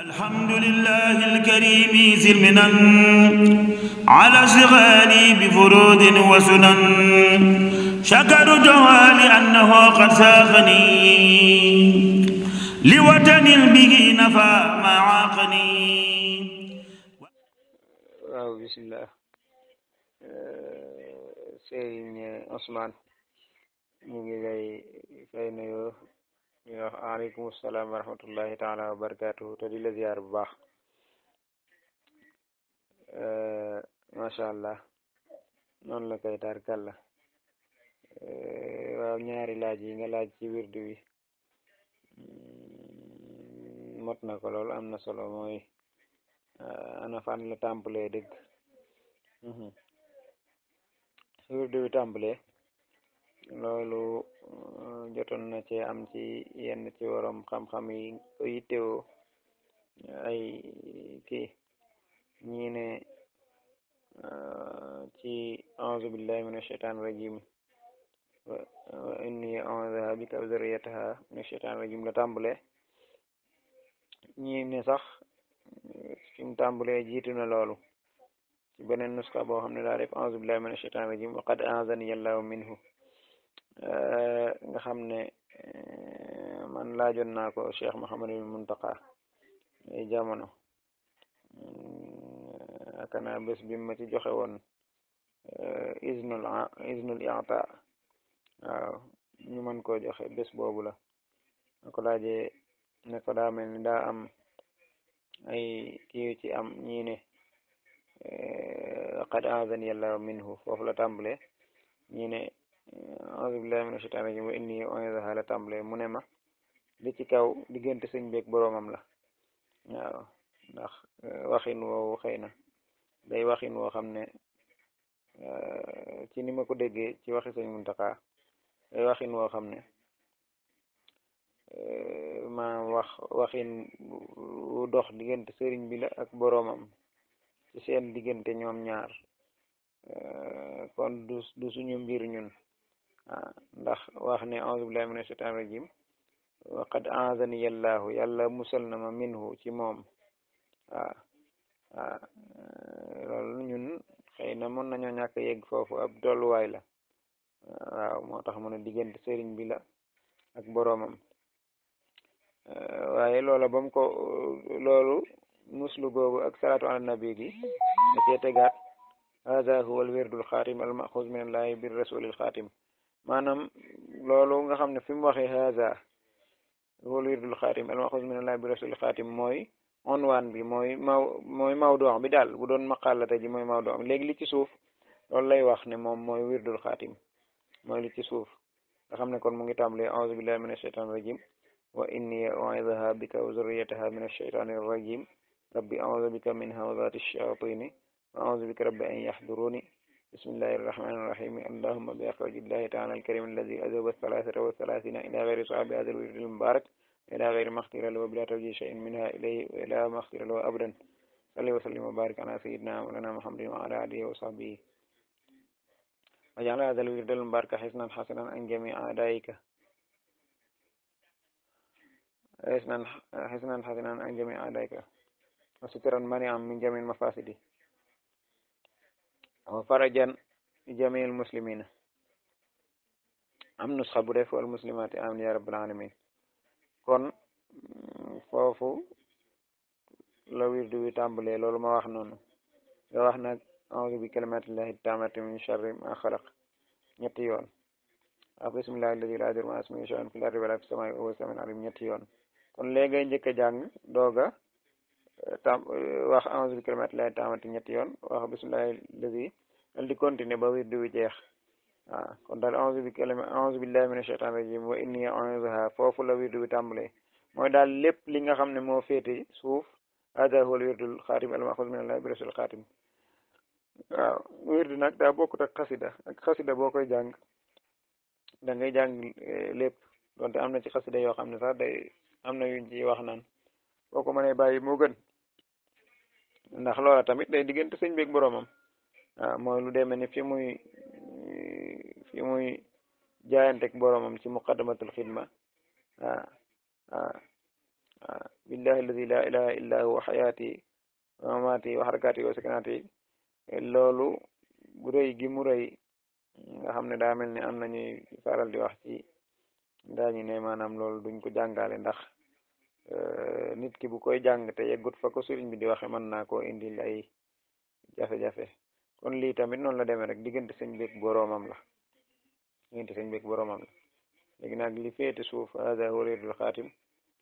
الحمد لله الكريم ذي المنن على صغاري بفرود وسنن شكر جوالي أنه قد ساقني لوطن به نفى ما عاقني آه، بسم الله آه، سيدنا عثمان ñu ngi ñu wax aleykum salaam wa rahmatullahi taala wa barakaatu te di la ziar bu baax eh, macha allah noonu la koy taar kàlla eh, ñaari laaj yi nga laaj ci wirdu wi hmm, mot na ko lool am na solo mooy eh, ana fan la tàmbalee dëgg hmm, hmm. wirdu wi tàmbalee loolu uh, jotoon na cee am ci yenn ci warom xam-xam yi ko ay kii ñii ne uh, ci auzu billahi min ashaitan rajim wa inni auzaha bika wa zurriyataha la tàmbale ñii ne sax fi mu tàmbale jiitu na loolu ci beneen nuska boo xam ne daa def auzu billahi min ashaitan rajim wa qad aazani minhu Eh, nga xam ne eh, man laajoon naa ko Cheikh Mouhamed bin Muntaqa jamono eh, akana bés bi ma ci joxe woon iznul iznul i'ta waaw ñu mën koo joxe bés boobu la ma ko laajee ne ko daa mel ni daa am ay kii ci am ñii ne qad aazani yàlla minhu foofu la tàmbale ñii ne auzu billahi mina shaytaani rajim wa inni onsa la tàmbalee mu ne ma li ci kaw diggante sëñ beeg boroomam la waaw ndax eh, waxin woowu xëy na day waxin woo xam ne eh, ci ni ma ko déggee ci waxi sëñ Muntaxa day waxin woo xam ne eh, ma wax waxin wu dox diggante sëriñ bi la ak boroomam kon du du suñu mbir ñun ndax wax ne auzu billahi mina shaytani rajim wa yàlla musal na ma minhu ci moom waaw loolu ñun xëy na mën nañoo ñàkk yegg foofu ab dolluwaay la waaw moo tax mën a diggante sëriñ bi la ak boroomam waaye loola bam mu ko loolu muslu ak salaatu ala nabi gi da cee tegaat haza huwa al wirdul xaatim al rasulil xaatim maanaam loolu nga xam ne fi mu waxee haza wal wirdul xaatim al maxuus min allahi bi xaatim mooy onwaan bi mooy maw mooy mawdoox bi daal bu doon maqalata ji mooy mawdoox bi léegi li ci suuf lool lay wax ne moom mooy wirdul xaatim mooy li suuf nga xam ne kon mu ngi tàmbalee auzu billahi min asheytan rajim wa inni uidaha bika wa zurriyataha min asheytani rajim rabbi auzu bika min hawzati shayatini wa auzu bika rabbi an yahduruni بسم الله الرحمن الرحيم اللهم بإخراج الله تعالى الكريم الذي أذوب الثلاثة والثلاثين إلى غير صعب هذا الورد المبارك إلى غير مخطر له بلا توجيه شيء منها إليه وإلى مخطر له أبدا صلي وسلم وبارك على سيدنا مولانا محمد وعلى آله وصحبه وجعل هذا الورد المبارك حسنا حسنا عن جميع أعدائك حسنا حسنا حسنا عن جميع أعدائك وسترا مانعا من جميع مفاسده wa farajan jamiil muslimina am nusxa bu def wal muslimaati amin ya rabbil alamin kon mm, foofu la wirdu wi tàmbalee loolu ma wax noonu nga wax nag auzu bi kalimatillahi taamati min sharri ma xalaq ñetti yoon ak bismillahi alladi laa ma ismuhu ñetti yoon kon léegi njëkk a dooga eh, eh, wax auzu bi kalimatillahi taamati ñetti yoon wax bismillahi alladi dal di continuer ba wirdu jeex kon daal onze bi onze billahi mina shaytan rajim wa inni onzoha foofu la wirdu bi tàmbalee mooy daal lépp li nga xam ne moo féete suuf hada huwa al wirdul xaatim al maxuus min allah bi rasul waaw wirdu nag daa bokkut ak xasida ak xasida boo koy jàng da ngay jàng eh, lépp donte am na ci xasida yoo xam ne sax am na yuñ ci wax naan boo ko mënee bàyyi moo gën ndax loola tamit day diggante sëñ beeg boroomam Ah, mooy lu demee ni fi muy fi muy jaayanteeg boromam ci muqaddamatul xidma ah a ah, ah billahi alladi la ilaha illa huwa xayaati wa mamaati wa xarakaati wa sakanaati loolu rëy gi mu rëy nga xam ne daa mel ni am nañuy faral di wax ci daañu ne maanaam loolu duñ ko jàngale ndax eh, nit ki bu koy jàng te yeggut fa ko sëriñ bi di waxe mën naa koo indil ay jafe kon lii tamit noonu la demee rek diggante sëñ beeg boroomam la diggante sëñ beeg boroomam la léegi nag li féete suuf hada huwa wirdul xaatim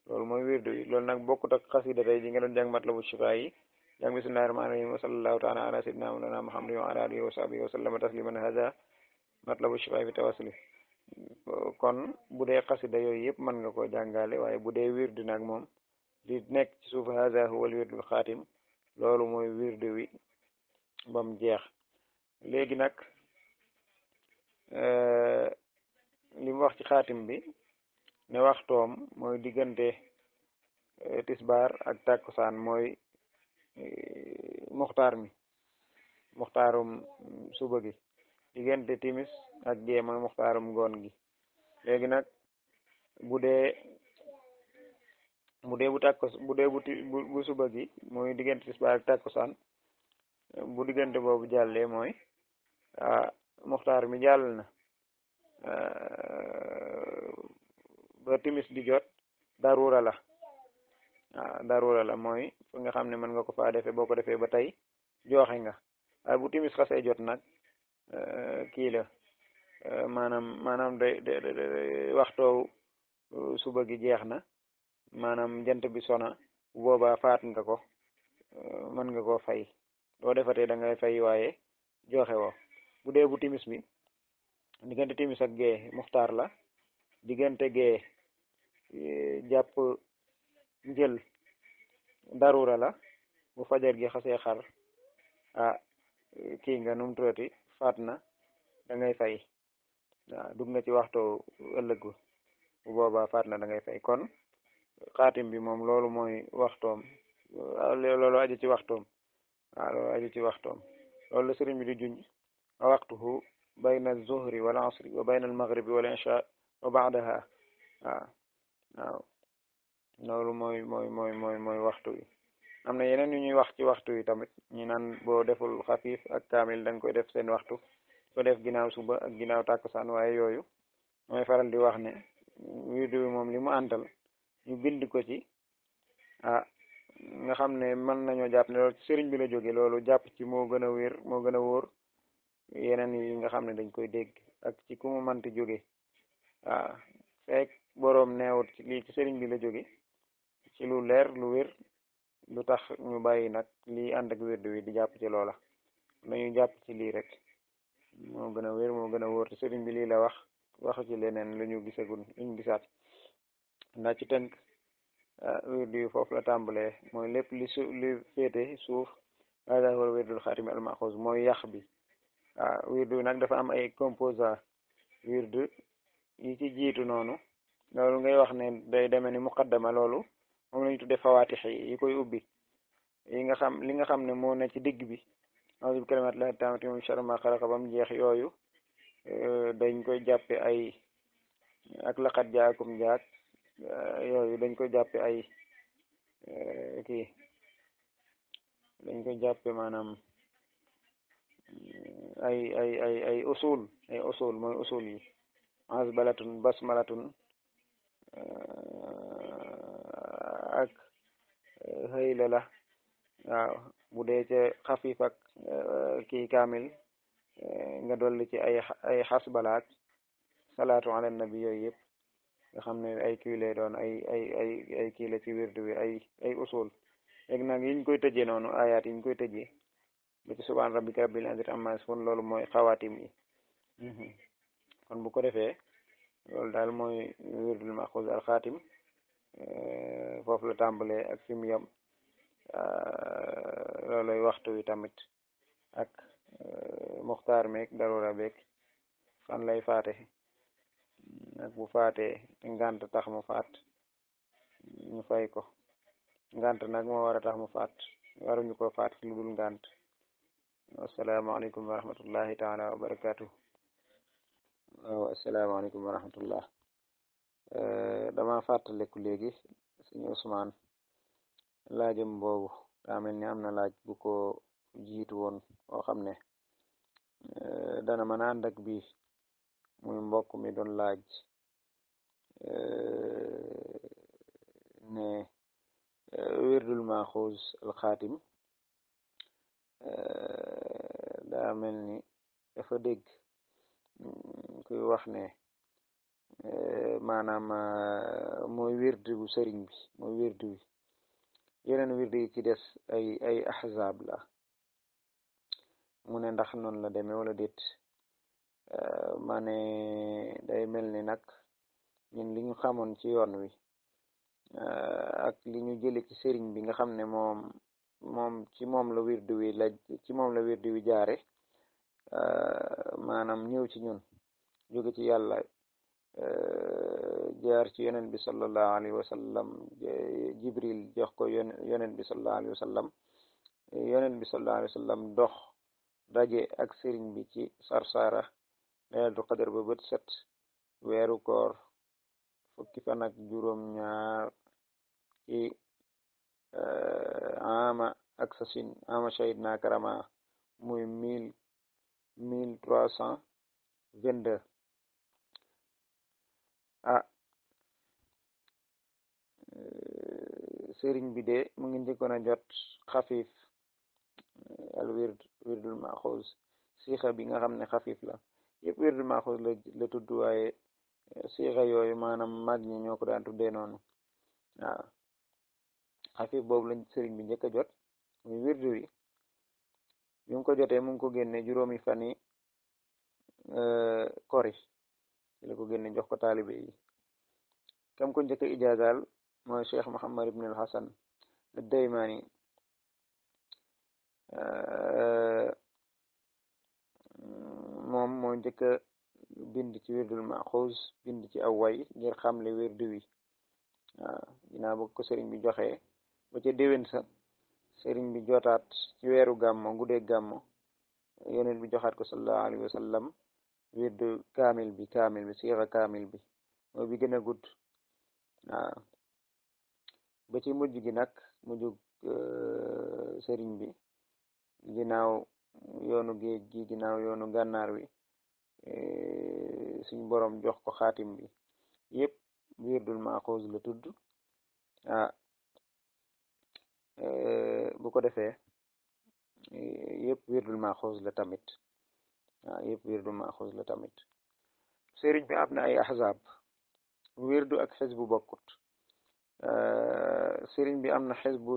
loolu mooy wirdu yi loolu nag bokkut ak xasida tey ji nga doon jàng matlabu shifa yi jàng bismillahi rahmaani rahim wa sallallahu taala ala sayyidina mawlana muhammad wa ala alihi wa sahbihi wa sallama tasliman hada matlabu shifa bi tawassuli bu dee xasida yooyu yëpp mën nga koo jàngale waaye bu dee wirdu nag moom li nekk ci suuf hada huwa wirdul loolu mooy wirdu wi ba jeex léegi nag euh, li wax ci xaatim bi ne waxtoom mooy diggante euh, tisbaar ak takkusaan mooy euh, muxtaar mi muxtaarum suba gi diggante timis ak gee mooy muxtaarum ngoon gi léegi nag bu dee bu dee bu takku bu dee bu suba gi mooy diggante tisbaar ak takkusaan bu diggante boobu jàllee mooy ah, muxtaar mi jàll na ah, ba timis di jot darura la waaw ah, darura la mooy fu nga xam ne mën nga ko faa defee boo ko defee ba tey joxe nga waaye bu timis xasee jot nag kii la maanaam maanaam day waxtoo suba gi jeex na maanaam jant bi sona boobaa faat nga ko mën nga koo fay do defate da ngay fay waye joxe wo budé bu timis mi digënté timis ak gé muxtar la digënté gé eh, japp darura la bu fajar gi xasse xar ah ki nga num tuuti fatna da ngay fay nga ci waxto ëllëgu bu boba fatna da ngay fay kon khatim bi mom lolu moy waxtom lolu aji ci waxtom waaw loolu aju ci waxtoom loolu la sëriñ bi di junj wa waxtuhu bayna zuhri wal asri wa bayna al maghribi wal insha wa baadaha waaw waaw loolu mooy mooy mooy mooy waxtu wi am na yeneen yu ñuy wax ci waxtu yi tamit ñu naan boo deful xafiif ak kaamil da koy def seen waxtu ko def ginnaaw suba ak ginaaw takk tàkkusaan waaye yooyu mooy faral di wax ne wirdu bi moom li mu àntal ñu bind ko ci ah nga xam ne mën nañoo jàpp ne loolu sëriñ bi la jóge loolu jàpp ci moo gën a wér moo gën a wóor yeneen yi nga xam ne dañ koy dégg ak ci ku mu mënti jóge waaw fekk boroom neewut ci lii ci sëriñ bi la jóge ci lu leer lu wér lu tax ñu bàyyi nag lii ànd ak wérdu wi di jàpp ci loola nañu jàpp ci lii rek moo gën a wér moo gën a wóor te sëriñ bi lii la wax wax ci leneen lu ñu gisagun lu ñu gisaat ndaa ci tënk wird ah, yi foofu la tàmbalee mooy lépp li su li féete suuf hada huwa wirdul xaatimi al maxuus mooy yàq bi waaw ah, wird bi nag dafa am ay composant wird yi ci jiitu noonu loolu ngay wax ne day demee ni muqaddama loolu moom la ñu tuddee fawaatix yi koy ubbi yi nga xam li nga xam ne moo ne ci digg bi a'uuzu bi kalimaati llaahi taammaati min sharri maa xalaqa ba jeex yooyu eh, dañ koy jàppe ay ak laqad jaakum jaak Euh, yooyu dañ ko jàppe ay euh, kii dañ ko jàppe maanaam mm, ay ay ay ay usul ay usul mooy usul yi azbalatun basmalatun euh, ak xëyla la waaw bu dee ca xafif ak kii nga dolli ci ay ay xasbalaat salaatu ala nabi yooyu yëpp nga xam ne ay kii lay doon ay ay ay ay kii la ci wirdu bi ay ay usul léegi nag yiñ koy tëjee noonu ayat yiñ koy tëjee ba ci subhaan rabbika rabbil loolu mooy xawaatim yi mhm. kon bu ko defee loolu daal mooy wirdul maxuus al xaatim eh, foofu la tàmbalee ak fi mu yem eh, waxtu wi tamit ak eh, muxtaar meek darura beek fan lay faate Nak bu faté eh, ngant tax mu fat ñu fay ko ngant nak mo wara tax mu fat waru ñuko fat ci dul ngant alaykum wa rahmatullahi taala wa barakaatu assalamu alaykum wa rahmatullah eh, dama fàttaliku léegi suñu Ousmane laajam boobu daa mel ni am na laaj bu ko jitu won oo xam euh dana mën andak bi muy mbokk mi doon laaj ne e, wirdul maxuus alxaatim daa mel ni dafa dégg mm, kuy wax ne e, maanaam e, mooy wird bu sëriñ bi mooy wird bi yeneen wird ci des ay ay ahzab la mu ne ndax noonu la demee wala dét ma day mel ni nag ñun li ñu xamoon ci yoon wi eh, ak li ñu jële ci sëriñ bi nga xam ne moom moom ci moom la wirdu wi la ci moom la wirdu wi jaare eh, maanaam ñëw ci ñun jóge ci yàlla eh, jaar ci yonent bi sallallahu alayhi wa jibril jox ko yon yonent bi sallallahu alayhi wa sallam yonent bi sallallahu dox daje ak sëriñ bi ci sarsara laylatul qadr ba bët set weeru koor fukki fan ak juróom ñaar ci eh, ama ak sasin ama shahid na karama muy mille mille trois cent vingt deux ah eh, sëriñ bi de mu ngi njëkkoon a jot xafif eh, al wird wirdul maxuus siixa bi nga xam ne xafif la yëpp wirdul maxuus la la siixa yooyu maanaam mag ñi ñoo ko daan tuddee noonu waaw boobu lañ sëriñ bi njëkk a jot muy wirdu wi bi mu ko jotee mu ngi ko génne juróomi fan yi euh, kori ci ko génne jox ko taalibe yi kam ko njëkk a ijaazaal mooy cheikh mohammad ibn al hasan euh, moom moo njëkk bind ci wirdul maxuus bind ci aw way ngir xamle wirdu wi waaw ginnaaw ba ko sëriñ bi joxe ba ca déwén sa sëriñ bi jotaat ci weeru gàmmo guddee gàmmo yonent bi joxaat ko sallallahu alayhi wa sallam bi kaamil bi siixa kaamil bi mooy bi gën ba ci mujj gi nag mujj euh, sëriñ bi ginnaaw yoonu géej yoonu gànnaar wi eh, suñu borom jox ko xaatim bi yëpp wirdul maaxuus la tudd ah bu ko defee yëpp wirdul maaxuus la tamit ah yëpp wirdul maaxuus la tamit sëriñ bi am na ay ahzab wirdu ak xisbu bokkut sëriñ bi am na xisbu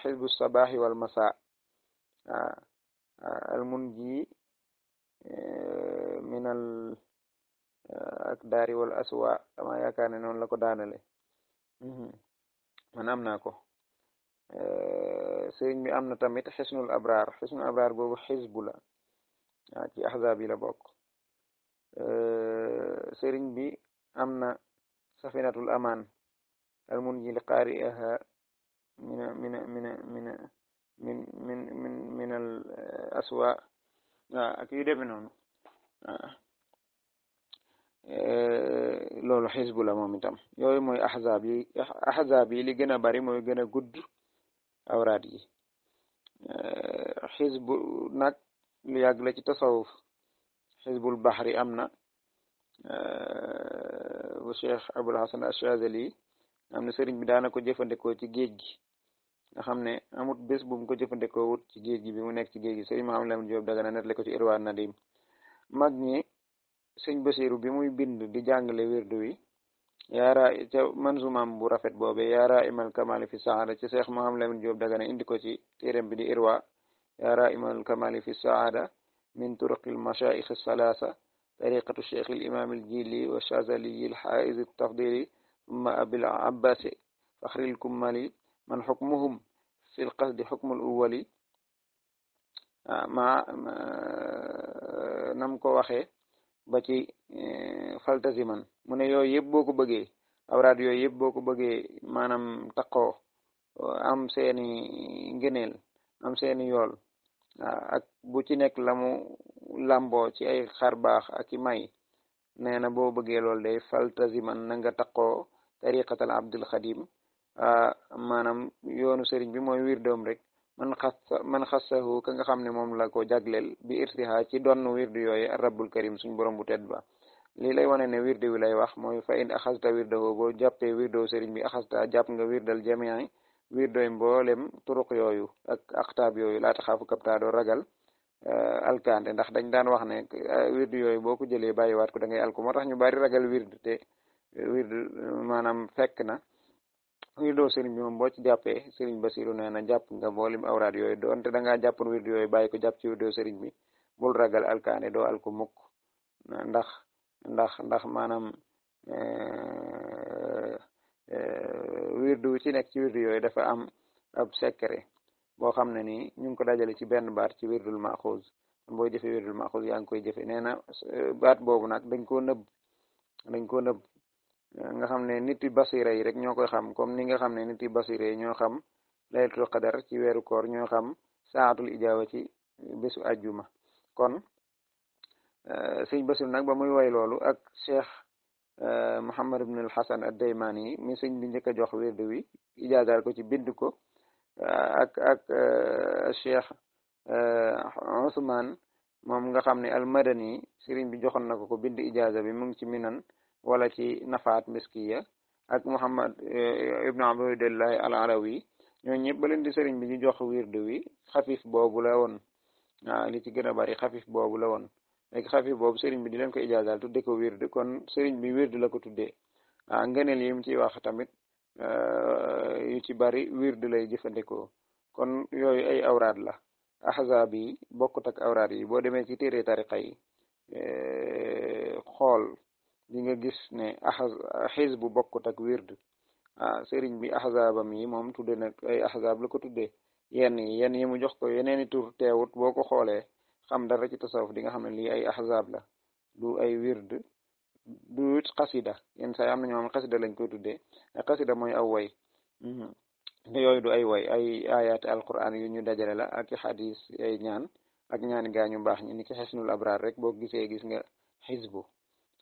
xisbu sabaaxi wal masaa al munji min al akbaari wal aswa dama yaakaar ne noonu la ko daanale man am naa ko sëriñ bi am na tamit xisnul abraar xisnul abraar boobu xisbu la waaw ci ahzaab yi la bokk sëriñ bi am na safinatul amaan almunji li qaari'iha mina mina mina mina min min min min al aswa waaw ak yu demee noonu waaw Eh, loolu xisbu la moomitam yooyu mooy axzaab yi axzaab yi li gën a bari mooy gën a gudd awraat yi eh, xisbu nag lu yàgg la ci tasawuf xisbul baxri am na eh, bu cheikh abul hasan ashazali am na sëriñ bi daana ko jëfandikoo ci géej gi nga xam ne amut bés bu mu ko jëfandikoo wut ci géej gi bi mu nekk ci géej gi sëriñ Muhammad Lamin Jóob Dagana net le ko ci irwaan nadim mag ñi sëñ Basiiru bi muy bind di jàngale wirdu wi yaara ca manzumam bu rafet boobe yaara imal kamali fi saada ci seex Muhammad Lamin Jóob Dagana indi ko ci téeram bi di irwa yaara imal kamali fi saada min turuqi al mashaayix salaasa tariqatu cheikh al imam al jili wa shazaliyi al xaaiz al tafdili umma abil abbasi faxri al kummali man xukmuhum fi al qasdi xukmu al awwali ma nam ko waxee ba ci eh, faltasiman mu ne yooyu yëpp boo ko bëggee awraat yooyu yëpp boo ko bëggee maanaam taqoo am seeni ngëneel am seeni yool ah, ak bu ci nekk lamu mu ci ay xar baax ak i may nee na boo bëggee loolu day faltasiman na nga taqoo tariqatal abdul xadim ah, maanaam yoonu sëriñ bi mooy wirdoom rek man xassa man xassahu ka nga xam ne moom la ko jagleel bi irtiha ci donn wirdu yooyu rabbul karim suñ borom bu tedd ba lii lay wane ne wirde wi lay wax mooy fa in axasta wirdahu boo jàppee wirdoo sëriñ bi axasta jàpp nga wirdal jamii wirdoy mboolem turuq yooyu ak aqtaab yooyu laata xaafu kaptaadoo ragal euh, alkande ndax dañ daan wax ne euh, wirdu yooyu boo ko jëlee waat ko da ngay alku moo tax ñu bari ragal wirdu te wirdu maanaam fekk na wirdoo sëriñ bi moom boo ci jàppee sëriñ Basiru nee na jàpp nga mboolem awraat yooyu doonte da ngaa jàppoon wird yooyu bàyyi ko jàpp ci wirdoo sëriñ bi bul ragal alkaane doo al ko mukk ndax ndax ndax maanaam eh, eh, wirdu ci nekk ci wirdu yooyu dafa am ab secret boo xam ne ni ñu ngi ko dajale ci benn baat ci wirdul maxuus booy jëfe wirdul maxuus yaa ngi koy jëfe nee na eh, baat boobu nag dañ koo nëbb dañ koo nëbb nga xamne nit yi basira yi rek ñoo koy xam comme ni nga xamne nit yi basira ño xam laylatul qadar ci wéru koor ño xam saatul ijaaba ci besu aljuma kon eh, seigne basir nak ba muy way lolu ak cheikh eh, muhammad ibn al hasan ad daymani mi seigne bi ñëk jox wérdu wi ijaazaal ko ci bind ko eh, ak ak cheikh usman mom nga xamne al-madani sëriñ bi joxon nako ko ko bind ijaaza bi mu ngi ci minan wala ci nafaat miskiya ak muhammad eh, ibnu abdillahi al alawi ñoo ñëpp ba leen di sëriñ bi ñu jox wirdu wi xafif boobu la woon waaw ah, li ci gën a bari xafif boobu la woon léegi xafif boobu sëriñ bi di leen ko ijaazaal tudde ko wirdu kon sëriñ bi wirdu la ko tuddee ah ngëneel yi ciy wax tamit eh, yu ci bari wiir wirdu lay jëfandikoo kon yooyu ay awraad la ahzaab yi bokkut ak awraad yi boo demee ci téere tariqa yi eh, xool di nga gis ne ahaz bu bokkut ak wird ah sëriñ bi ahzaabam yi moom tudde na ay ahzab la ko tuddee yenn yi yenn yi mu jox ko yeneeni tur teewut boo ko xam dara ci tasawuf di nga xam li ay ahzaab la du ay wird du xasida yenn saa yi am na ko xasida lañ koy tuddee xasida moy aw way mhm. yoy du ay way ay ayat alquran yu ñu dajale la ak hadith ay ñaan ak ñaan gañu bax ñi ni ci hasnul abrar rek bo gisee gis nga hizbu.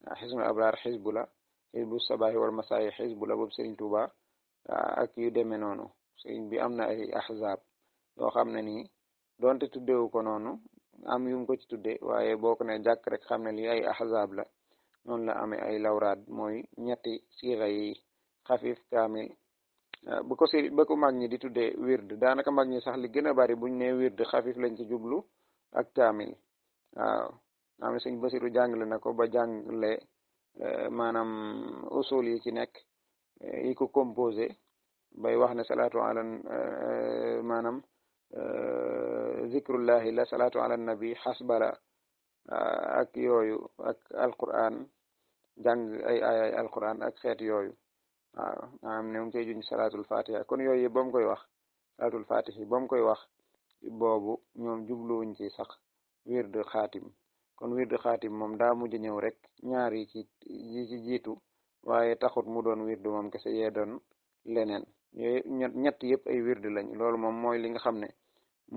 waaw xisnul abraar xisbu la xisbu sabaahi wal masaayi xisbu la boobu sëriñ Tuuba ah, ak yu demee noonu sëriñ bi am na ay ahzaab yoo xam ne nii doonte tuddewu ko noonu am yum ko ci tudde waaye boo ko ne jàkk rek xam ne ni ay ahzaab la noonu la amee ay lawraat mooy ñetti siixa yi xafif kaamil ah, bu ko sëriñ ba ko ñi di tudde wird daanaka mag ñi sax li gën a bari buñ ne wird xafif lañ ci jublu ak kaamil waaw nga xam ne sëñ Basiru jàngale na ko ba jàng jàngale eh, maanaam usul yi ci nekk eh, yi ko composé bay wax ne salaatu ala eh, maanaam zikrullahi la salaatu ala nabi xasbala ak yooyu ak alquran jàng ay ay alquran ak xeet yooyu waaw ne mu ngi cey juñ salaatul fatiha kon yooyu yëpp ba mu koy wax salaatul fatihi ba mu koy wax boobu ñoom jubluwuñ ci sax wird xaatim kon wirdu khatim mom da mujj ñëw rek ñaar yi ci ci jitu waye taxut mu doon wirdu mom kese ye doon lenen yooyu ñett yëpp ay wirdu lañ loolu mom moy li nga xamne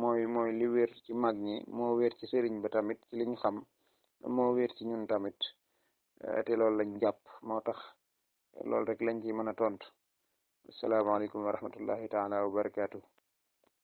moy moy li wër ci mag ñi moo wér ci serigne ba tamit ci liñ xam mo wër ci ñun tamit eh, té loolu lañ japp moo tax loolu rek lañ ci mëna tontu assalamu alaykum wa rahmatullahi taala wa barakatuh